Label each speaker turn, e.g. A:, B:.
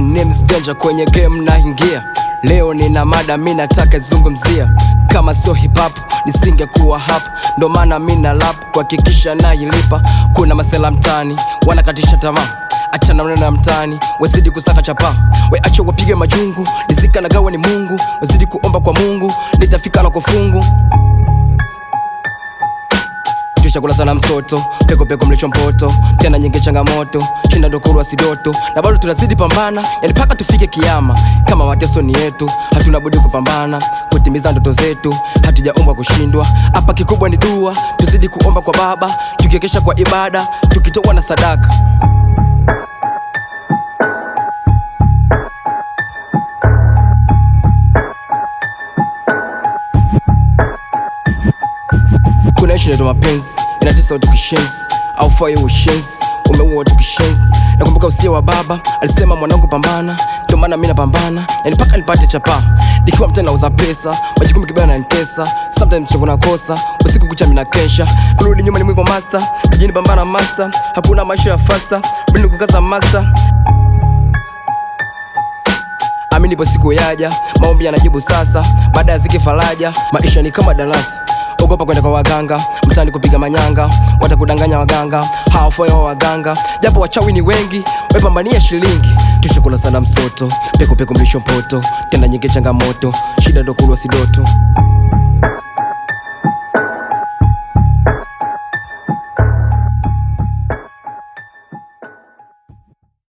A: My name's Danger, kwenye game naingia. Leo nina mada mi nataka zungumzia, kama sio hip hop nisingekuwa hapa, ndo maana mi na lap kuhakikisha nailipa. Kuna masela mtani wanakatisha tamaa Achana mnene na mtani, wezidi kusaka chapa, we acha wapige majungu, nizika na gawa ni Mungu, wezidi kuomba kwa Mungu, nitafika na kufungu chakula sana msoto peko peko mlicho mpoto tena nyingi changamoto shinda dokoro asidoto na bado tunazidi pambana yani paka tufike kiama kama mateso ni yetu hatuna budi kupambana kutimiza ndoto zetu hatujaumbwa kushindwa hapa kikubwa ni dua tuzidi kuomba kwa baba tukiekesha kwa ibada tukitoa na sadaka kuna ishu mapenzi inatesa tukishenzi au faye ushenzi umeua tukishenzi. Nakumbuka usia wa baba alisema, mwanangu pambana, ndio maana mimi napambana, yani mpaka nipate chapa. Nikiwa mtani nauza pesa, majukumu kibaya yananitesa, sometimes chongo nakosa, usiku kucha mimi nakesha, kurudi nyuma ni mwiko masta, mjini pambana master, hakuna maisha ya fasta, mimi kukaza master Amini, ipo siku yaja, maombi yanajibu sasa, baada ya ziki faraja, maisha ni kama darasa ogopa kwenda kwa waganga mtani kupiga manyanga, watakudanganya waganga, hawafoyo waganga, japo wachawi ni wengi, wepambania shilingi. Tushakula sana msoto, peku peku mlisho mpoto, tenda nyingi changamoto, shida dokulwa sidoto